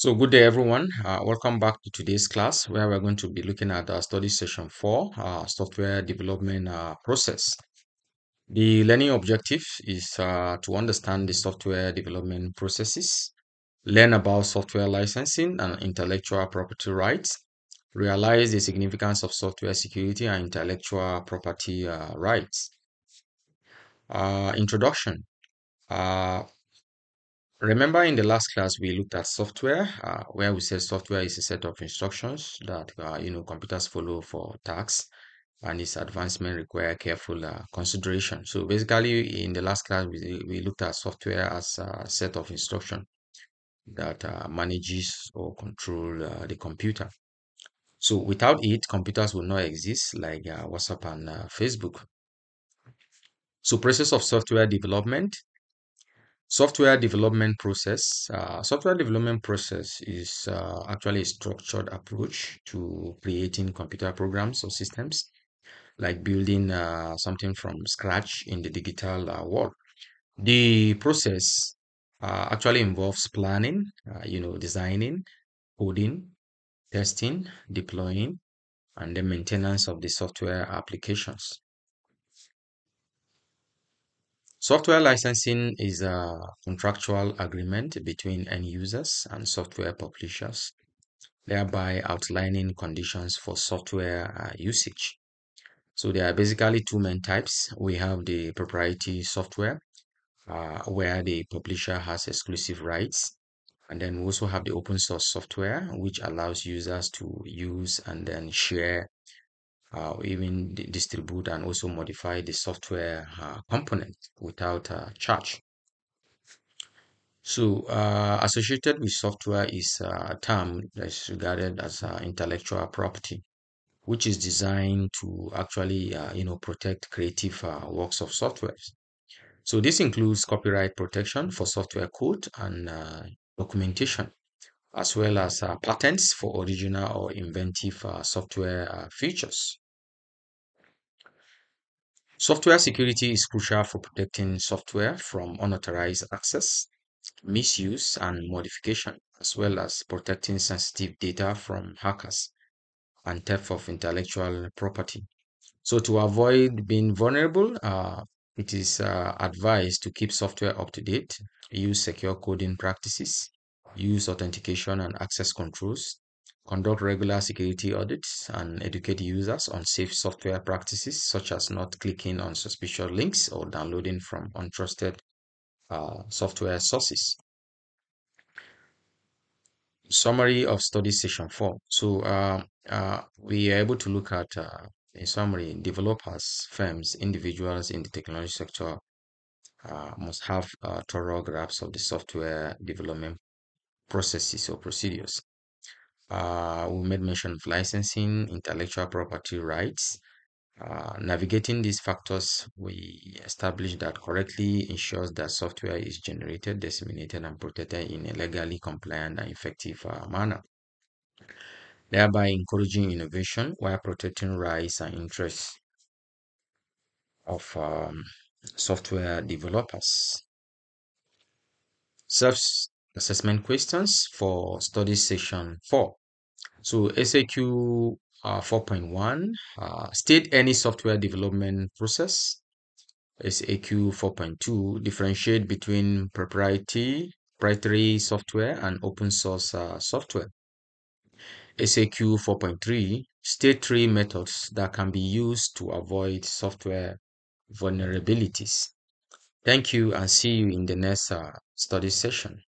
So good day everyone, uh, welcome back to today's class where we're going to be looking at uh, study session 4, uh, software development uh, process. The learning objective is uh, to understand the software development processes, learn about software licensing and intellectual property rights, realize the significance of software security and intellectual property uh, rights. Uh, introduction Remember in the last class we looked at software uh, where we said software is a set of instructions that uh, you know computers follow for tasks and its advancement require careful uh, consideration. So basically in the last class we, we looked at software as a set of instructions that uh, manages or control uh, the computer. So without it computers would not exist like uh, WhatsApp and Facebook. So process of software development software development process uh, software development process is uh, actually a structured approach to creating computer programs or systems like building uh, something from scratch in the digital uh, world the process uh, actually involves planning uh, you know designing coding testing deploying and the maintenance of the software applications Software licensing is a contractual agreement between end users and software publishers, thereby outlining conditions for software uh, usage. So there are basically two main types. We have the proprietary software, uh, where the publisher has exclusive rights. And then we also have the open source software, which allows users to use and then share uh, even distribute and also modify the software uh, component without uh, charge. So uh, associated with software is a uh, term that's regarded as uh, intellectual property, which is designed to actually you know protect creative works of software. So this includes copyright protection for software code and documentation as well as uh, patents for original or inventive uh, software uh, features. Software security is crucial for protecting software from unauthorized access, misuse, and modification, as well as protecting sensitive data from hackers and theft of intellectual property. So to avoid being vulnerable, uh, it is uh, advised to keep software up to date, use secure coding practices, use authentication and access controls, conduct regular security audits, and educate users on safe software practices such as not clicking on suspicious links or downloading from untrusted uh, software sources. Summary of study session 4. So uh, uh, we are able to look at, in uh, summary, developers, firms, individuals in the technology sector uh, must have uh, thorough grasp of the software development processes or procedures. Uh, we made mention of licensing, intellectual property rights. Uh, navigating these factors, we established that correctly ensures that software is generated, disseminated, and protected in a legally compliant and effective uh, manner, thereby encouraging innovation while protecting rights and interests of um, software developers. Self assessment questions for study session 4. So SAQ uh, 4.1 uh, state any software development process. SAQ 4.2 differentiate between proprietary, proprietary software and open source uh, software. SAQ 4.3 state three methods that can be used to avoid software vulnerabilities. Thank you and see you in the next uh, study session.